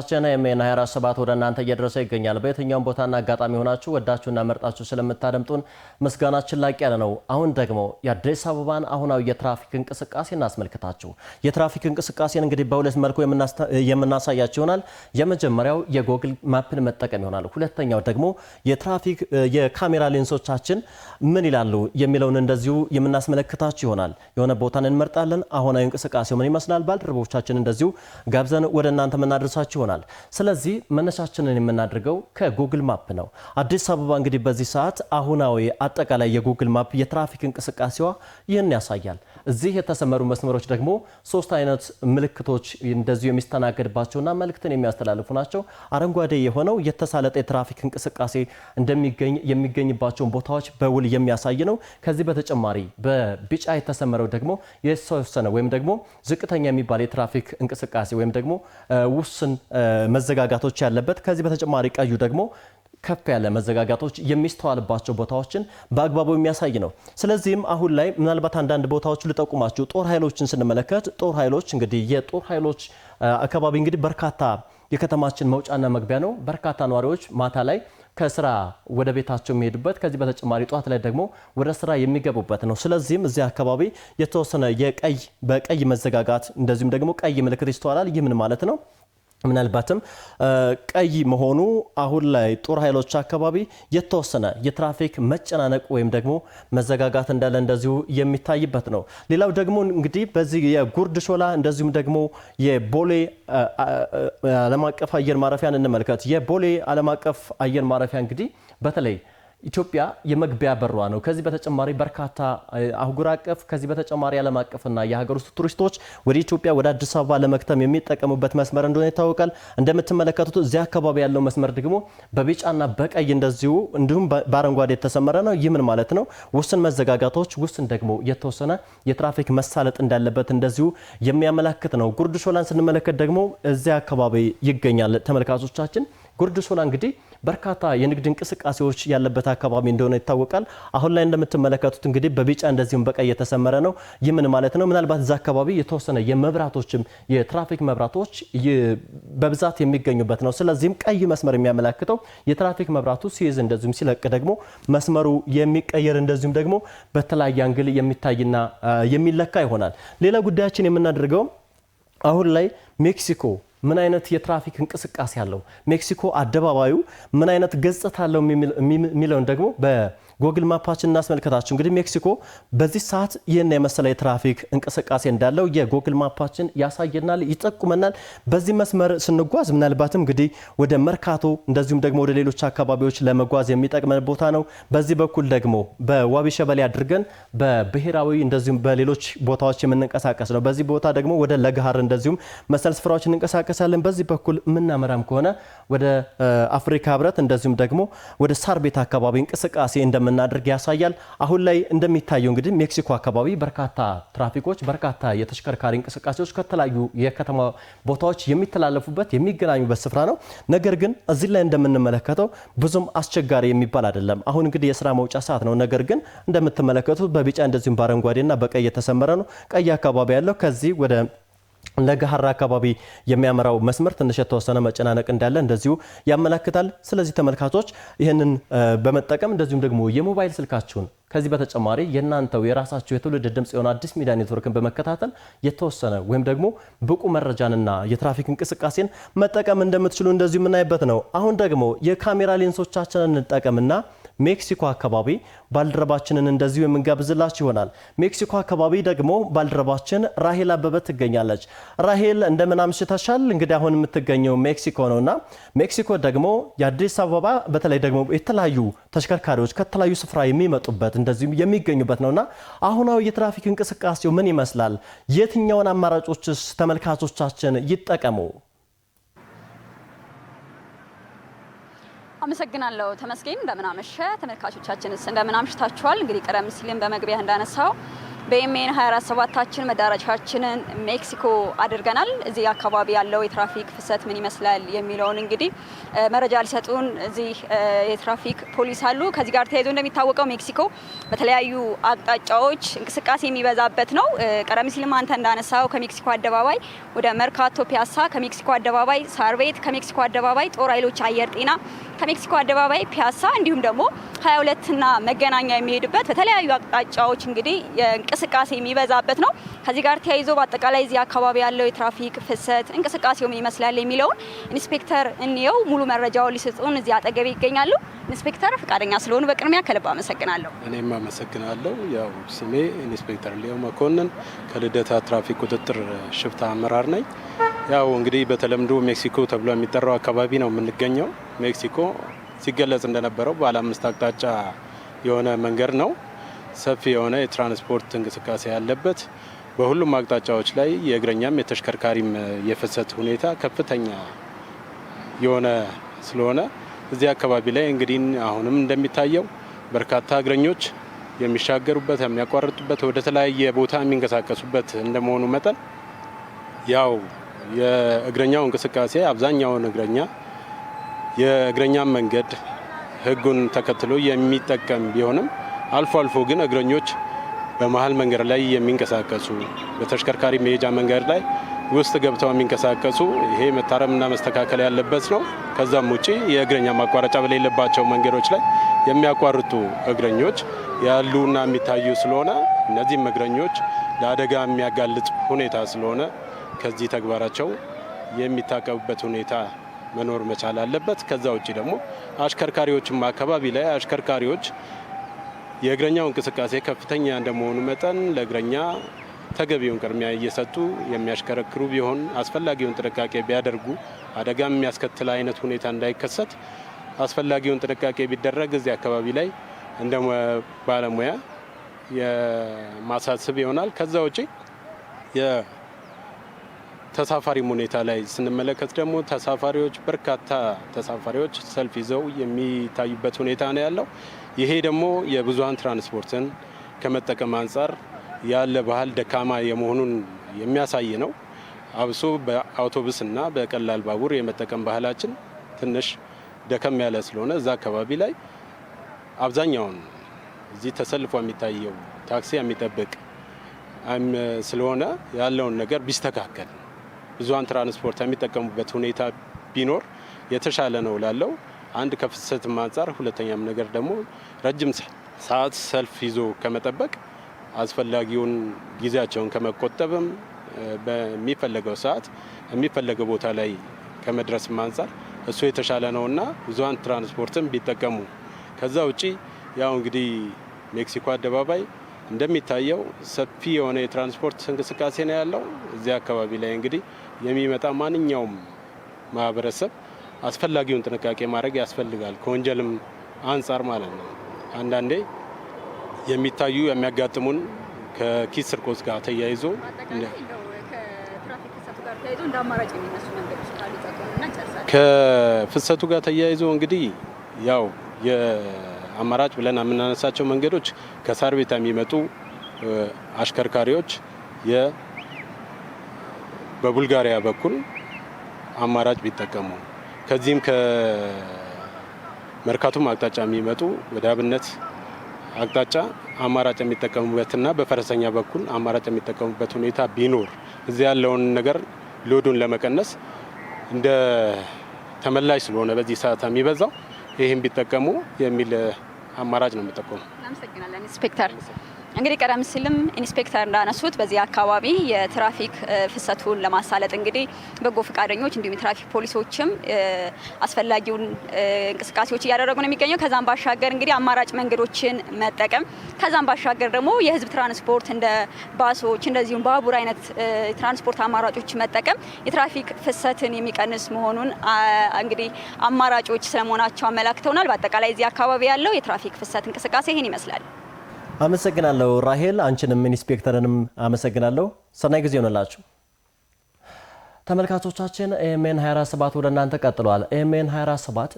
አስጀና የሜና 247 ወደ እናንተ እየደረሰ ይገኛል። በየትኛውም ቦታና አጋጣሚ ሆናችሁ ወዳችሁና መርጣችሁ ስለምታደምጡን ምስጋናችን ላቅ ያለ ነው። አሁን ደግሞ የአዲስ አበባን አሁናዊ የትራፊክ እንቅስቃሴ እናስመልክታችሁ። የትራፊክ እንቅስቃሴን እንግዲህ በሁለት መልኩ የምናሳያችሁ ይሆናል። የመጀመሪያው የጎግል ማፕን መጠቀም ይሆናል። ሁለተኛው ደግሞ የትራፊክ የካሜራ ሌንሶቻችን ምን ይላሉ የሚለውን እንደዚሁ የምናስመለክታችሁ ይሆናል። የሆነ ቦታን እንመርጣለን። አሁናዊ እንቅስቃሴው ምን ይመስላል? ባልደረቦቻችን እንደዚሁ ጋብዘን ወደ እናንተ የምናደርሳችሁ ይሆናል። ስለዚህ መነሻችንን የምናደርገው ከጉግል ማፕ ነው። አዲስ አበባ እንግዲህ በዚህ ሰዓት አሁናዊ አጠቃላይ የጉግል ማፕ የትራፊክ እንቅስቃሴዋ ይህን ያሳያል። እዚህ የተሰመሩ መስመሮች ደግሞ ሶስት አይነት ምልክቶች እንደዚሁ የሚስተናገድባቸውና መልእክትን የሚያስተላልፉ ናቸው። አረንጓዴ የሆነው የተሳለጠ የትራፊክ እንቅስቃሴ እንደሚገኝ የሚገኝባቸውን ቦታዎች በውል የሚያሳይ ነው። ከዚህ በተጨማሪ በቢጫ የተሰመረው ደግሞ የተወሰነ ወይም ደግሞ ዝቅተኛ የሚባል የትራፊክ እንቅስቃሴ ወይም ደግሞ ውስን መዘጋጋቶች ያለበት ከዚህ በተጨማሪ ቀዩ ደግሞ ከፍ ያለ መዘጋጋቶች የሚስተዋልባቸው ቦታዎችን በአግባቡ የሚያሳይ ነው። ስለዚህም አሁን ላይ ምናልባት አንዳንድ ቦታዎች ልጠቁማችሁ። ጦር ኃይሎችን ስንመለከት ጦር ኃይሎች እንግዲህ የጦር ኃይሎች አካባቢ እንግዲህ በርካታ የከተማችን መውጫና መግቢያ ነው። በርካታ ነዋሪዎች ማታ ላይ ከስራ ወደ ቤታቸው የሚሄዱበት ከዚህ በተጨማሪ ጠዋት ላይ ደግሞ ወደ ስራ የሚገቡበት ነው። ስለዚህም እዚህ አካባቢ የተወሰነ የቀይ በቀይ መዘጋጋት እንደዚሁም ደግሞ ቀይ ምልክት ይስተዋላል። ይህ ምን ማለት ነው? ምናልባትም ቀይ መሆኑ አሁን ላይ ጦር ኃይሎች አካባቢ የተወሰነ የትራፊክ መጨናነቅ ወይም ደግሞ መዘጋጋት እንዳለ እንደዚሁ የሚታይበት ነው። ሌላው ደግሞ እንግዲህ በዚህ የጉርድ ሾላ እንደዚሁም ደግሞ የቦሌ ዓለም አቀፍ አየር ማረፊያን እንመልከት። የቦሌ ዓለም አቀፍ አየር ማረፊያ እንግዲህ በተለይ ኢትዮጵያ የመግቢያ በሯ ነው። ከዚህ በተጨማሪ በርካታ አህጉር አቀፍ ከዚህ በተጨማሪ ዓለም አቀፍና የሀገር ውስጥ ቱሪስቶች ወደ ኢትዮጵያ ወደ አዲስ አበባ ለመክተም የሚጠቀሙበት መስመር እንደሆነ ይታወቃል። እንደምትመለከቱት እዚህ አካባቢ ያለው መስመር ደግሞ በቢጫና በቀይ እንደዚሁ እንዲሁም በአረንጓዴ የተሰመረ ነው። ይህ ምን ማለት ነው? ውስን መዘጋጋቶች፣ ውስን ደግሞ የተወሰነ የትራፊክ መሳለጥ እንዳለበት እንደዚሁ የሚያመላክት ነው። ጉርድ ሾላን ስንመለከት ደግሞ እዚያ አካባቢ ይገኛል ተመልካቾቻችን ጉርድ እንግዲህ በርካታ የንግድ እንቅስቃሴዎች ያለበት አካባቢ እንደሆነ ይታወቃል። አሁን ላይ እንደምትመለከቱት እንግዲህ በቢጫ እንደዚሁም በቀይ የተሰመረ ነው። ይህ ምን ማለት ነው? ምናልባት እዛ አካባቢ የተወሰነ የመብራቶችም የትራፊክ መብራቶች በብዛት የሚገኙበት ነው። ስለዚህም ቀይ መስመር የሚያመላክተው የትራፊክ መብራቱ ሲይዝ፣ እንደዚሁም ሲለቅ ደግሞ መስመሩ የሚቀየር እንደዚሁም ደግሞ በተለያየ አንግል የሚታይና የሚለካ ይሆናል። ሌላ ጉዳያችን የምናደርገው አሁን ላይ ሜክሲኮ ምን አይነት የትራፊክ እንቅስቃሴ አለው ሜክሲኮ አደባባዩ ምን አይነት ገጽታ አለው የሚለውን ደግሞ ጎግል ማፓችን እናስመልከታችሁ። እንግዲህ ሜክሲኮ በዚህ ሰዓት ይህን የመሰለ የትራፊክ እንቅስቃሴ እንዳለው የጎግል ማፓችን ያሳየናል፣ ይጠቁመናል። በዚህ መስመር ስንጓዝ ምናልባትም እንግዲህ ወደ መርካቶ እንደዚሁም ደግሞ ወደ ሌሎች አካባቢዎች ለመጓዝ የሚጠቅመን ቦታ ነው። በዚህ በኩል ደግሞ በዋቢ ሸበሌ አድርገን በብሔራዊ እንደዚሁም በሌሎች ቦታዎች የምንንቀሳቀስ ነው። በዚህ ቦታ ደግሞ ወደ ለገሃር እንደዚሁም መሰል ስፍራዎች እንንቀሳቀሳለን። በዚህ በኩል የምናመራም ከሆነ ወደ አፍሪካ ህብረት እንደዚሁም ደግሞ ወደ ሳር ቤት አካባቢ እንቅስቃሴ እንደ እንደምናደርግ ያሳያል። አሁን ላይ እንደሚታየው እንግዲህ ሜክሲኮ አካባቢ በርካታ ትራፊኮች፣ በርካታ የተሽከርካሪ እንቅስቃሴዎች ከተለያዩ የከተማ ቦታዎች የሚተላለፉበት የሚገናኙበት ስፍራ ነው። ነገር ግን እዚህ ላይ እንደምንመለከተው ብዙም አስቸጋሪ የሚባል አይደለም። አሁን እንግዲህ የስራ መውጫ ሰዓት ነው። ነገር ግን እንደምትመለከቱት በቢጫ እንደዚሁም በአረንጓዴና በቀይ የተሰመረ ነው። ቀይ አካባቢ ያለው ከዚህ ወደ ለገሃራ አካባቢ የሚያመራው መስመር ትንሽ የተወሰነ መጨናነቅ እንዳለ እንደዚሁ ያመላክታል። ስለዚህ ተመልካቾች ይህንን በመጠቀም እንደዚሁም ደግሞ የሞባይል ስልካችሁን ከዚህ በተጨማሪ የእናንተው የራሳችሁ የትውልድ ድምፅ የሆነ አዲስ ሚዲያ ኔትወርክን በመከታተል የተወሰነ ወይም ደግሞ ብቁ መረጃንና የትራፊክ እንቅስቃሴን መጠቀም እንደምትችሉ እንደዚሁ የምናይበት ነው። አሁን ደግሞ የካሜራ ሌንሶቻችንን እንጠቀምና ሜክሲኮ አካባቢ ባልደረባችንን እንደዚሁ የምንጋብዝላችሁ ይሆናል። ሜክሲኮ አካባቢ ደግሞ ባልደረባችን ራሄል አበበ ትገኛለች። ራሄል እንደምን አምሽተሻል? እንግዲህ አሁን የምትገኘው ሜክሲኮ ነውና ሜክሲኮ ደግሞ የአዲስ አበባ በተለይ ደግሞ የተለያዩ ተሽከርካሪዎች ከተለያዩ ስፍራ የሚመጡበት እንደዚሁ የሚገኙበት ነውና አሁናዊ የትራፊክ እንቅስቃሴው ምን ይመስላል? የትኛውን አማራጮችስ ተመልካቾቻችን ይጠቀሙ? አመሰግናለሁ ተመስገን። እንደምን አመሸ ተመልካቾቻችንስ እንደምን አምሽታችኋል? እንግዲህ ቀደም ሲልም በመግቢያ እንዳነሳው በኤምኤን 247ታችን መዳረሻችንን ሜክሲኮ አድርገናል። እዚህ አካባቢ ያለው የትራፊክ ፍሰት ምን ይመስላል የሚለውን እንግዲህ መረጃ ሊሰጡን እዚህ የትራፊክ ፖሊስ አሉ። ከዚህ ጋር ተያይዞ እንደሚታወቀው ሜክሲኮ በተለያዩ አቅጣጫዎች እንቅስቃሴ የሚበዛበት ነው። ቀደም ሲልም አንተ እንዳነሳው ከሜክሲኮ አደባባይ ወደ መርካቶ ፒያሳ፣ ከሜክሲኮ አደባባይ ሳር ቤት፣ ከሜክሲኮ አደባባይ ጦር ኃይሎች አየር ጤና ከሜክሲኮ አደባባይ ፒያሳ እንዲሁም ደግሞ 22ና መገናኛ የሚሄዱበት በተለያዩ አቅጣጫዎች እንግዲህ እንቅስቃሴ የሚበዛበት ነው። ከዚህ ጋር ተያይዞ በአጠቃላይ እዚህ አካባቢ ያለው የትራፊክ ፍሰት እንቅስቃሴው ምን ይመስላል የሚለውን ኢንስፔክተር እንየው ሙሉ መረጃውን ሊሰጡን እዚህ አጠገብ ይገኛሉ። ኢንስፔክተር ፈቃደኛ ስለሆኑ በቅድሚያ ከልብ አመሰግናለሁ። እኔም አመሰግናለሁ። ያው ስሜ ኢንስፔክተር ሊዮ መኮንን ከልደታ ትራፊክ ቁጥጥር ሽፍታ አመራር ነኝ። ያው እንግዲህ በተለምዶ ሜክሲኮ ተብሎ የሚጠራው አካባቢ ነው የምንገኘው። ሜክሲኮ ሲገለጽ እንደነበረው ባለ አምስት አቅጣጫ የሆነ መንገድ ነው። ሰፊ የሆነ የትራንስፖርት እንቅስቃሴ ያለበት በሁሉም አቅጣጫዎች ላይ የእግረኛም የተሽከርካሪም የፍሰት ሁኔታ ከፍተኛ የሆነ ስለሆነ እዚህ አካባቢ ላይ እንግዲህ አሁንም እንደሚታየው በርካታ እግረኞች የሚሻገሩበት የሚያቋርጡበት ወደ ተለያየ ቦታ የሚንቀሳቀሱበት እንደመሆኑ መጠን ያው የእግረኛው እንቅስቃሴ አብዛኛውን እግረኛ የእግረኛ መንገድ ሕጉን ተከትሎ የሚጠቀም ቢሆንም አልፎ አልፎ ግን እግረኞች በመሀል መንገድ ላይ የሚንቀሳቀሱ በተሽከርካሪ መሄጃ መንገድ ላይ ውስጥ ገብተው የሚንቀሳቀሱ ይሄ መታረምና መስተካከል ያለበት ነው። ከዛም ውጪ የእግረኛ ማቋረጫ በሌለባቸው መንገዶች ላይ የሚያቋርጡ እግረኞች ያሉና የሚታዩ ስለሆነ እነዚህም እግረኞች ለአደጋ የሚያጋልጥ ሁኔታ ስለሆነ ከዚህ ተግባራቸው የሚታቀቡበት ሁኔታ መኖር መቻል አለበት። ከዛ ውጭ ደግሞ አሽከርካሪዎችም አካባቢ ላይ አሽከርካሪዎች የእግረኛው እንቅስቃሴ ከፍተኛ እንደመሆኑ መጠን ለእግረኛ ተገቢውን ቅድሚያ እየሰጡ የሚያሽከረክሩ ቢሆን አስፈላጊውን ጥንቃቄ ቢያደርጉ አደጋ የሚያስከትል አይነት ሁኔታ እንዳይከሰት አስፈላጊውን ጥንቃቄ ቢደረግ እዚህ አካባቢ ላይ እንደ ባለሙያ የማሳስብ ይሆናል። ከዛ ውጪ የተሳፋሪም ሁኔታ ላይ ስንመለከት ደግሞ ተሳፋሪዎች በርካታ ተሳፋሪዎች ሰልፍ ይዘው የሚታዩበት ሁኔታ ነው ያለው። ይሄ ደግሞ የብዙሀን ትራንስፖርትን ከመጠቀም አንጻር ያለ ባህል ደካማ የመሆኑን የሚያሳይ ነው። አብሶ በአውቶቡስ እና በቀላል ባቡር የመጠቀም ባህላችን ትንሽ ደከም ያለ ስለሆነ እዛ አካባቢ ላይ አብዛኛውን እዚህ ተሰልፎ የሚታየው ታክሲ የሚጠብቅ ስለሆነ ያለውን ነገር ቢስተካከል ብዙሀን ትራንስፖርት የሚጠቀሙበት ሁኔታ ቢኖር የተሻለ ነው ላለው አንድ ከፍሰትም አንጻር፣ ሁለተኛም ነገር ደግሞ ረጅም ሰዓት ሰልፍ ይዞ ከመጠበቅ አስፈላጊውን ጊዜያቸውን ከመቆጠብም በሚፈለገው ሰዓት የሚፈለገው ቦታ ላይ ከመድረስም አንጻር እሱ የተሻለ ነውና ብዙሀን ትራንስፖርትም ቢጠቀሙ። ከዛ ውጪ ያው እንግዲህ ሜክሲኮ አደባባይ እንደሚታየው ሰፊ የሆነ የትራንስፖርት እንቅስቃሴ ነው ያለው። እዚያ አካባቢ ላይ እንግዲህ የሚመጣ ማንኛውም ማህበረሰብ አስፈላጊውን ጥንቃቄ ማድረግ ያስፈልጋል። ከወንጀልም አንጻር ማለት ነው። አንዳንዴ የሚታዩ የሚያጋጥሙን ከኪስ ስርቆት ጋር ተያይዞ ከፍሰቱ ጋር ተያይዞ እንግዲህ ያው የአማራጭ ብለን የምናነሳቸው መንገዶች ከሳር ቤት የሚመጡ አሽከርካሪዎች በቡልጋሪያ በኩል አማራጭ ቢጠቀሙ ከዚህም ከመርካቶም አቅጣጫ የሚመጡ ወደ አብነት አቅጣጫ አማራጭ የሚጠቀሙበትና በፈረሰኛ በኩል አማራጭ የሚጠቀሙበት ሁኔታ ቢኖር እዚህ ያለውን ነገር ሎዱን ለመቀነስ እንደ ተመላሽ ስለሆነ በዚህ ሰዓት የሚበዛው ይህም ቢጠቀሙ የሚል አማራጭ ነው የሚጠቀሙ። ኢንስፔክተር እንግዲህ ቀደም ሲልም ኢንስፔክተር እንዳነሱት በዚህ አካባቢ የትራፊክ ፍሰቱን ለማሳለጥ እንግዲህ በጎ ፈቃደኞች እንዲሁም የትራፊክ ፖሊሶችም አስፈላጊውን እንቅስቃሴዎች እያደረጉ ነው የሚገኘው። ከዛም ባሻገር እንግዲህ አማራጭ መንገዶችን መጠቀም ከዛም ባሻገር ደግሞ የህዝብ ትራንስፖርት እንደ ባሶች እንደዚሁም ባቡር አይነት ትራንስፖርት አማራጮች መጠቀም የትራፊክ ፍሰትን የሚቀንስ መሆኑን እንግዲህ አማራጮች ስለመሆናቸው አመላክተውናል። በአጠቃላይ እዚህ አካባቢ ያለው የትራፊክ ፍሰት እንቅስቃሴ ይህን ይመስላል። አመሰግናለሁ ራሄል፣ አንቺንም ኢንስፔክተርንም አመሰግናለሁ። ሰናይ ጊዜ ይሆንላችሁ። ተመልካቾቻችን ኤኤምኤን 24/7 ወደ እናንተ ቀጥሏል። ኤኤምኤን 24/7